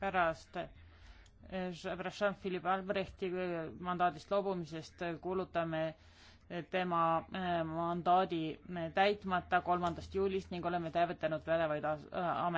Eh, pärast Jean-Philippe Albrechti eh, mandaadist loobumisest eh, kuulutame tema mandaadi täitmata kolmandast juulist ning oleme teavitanud pädevaid ametnikke.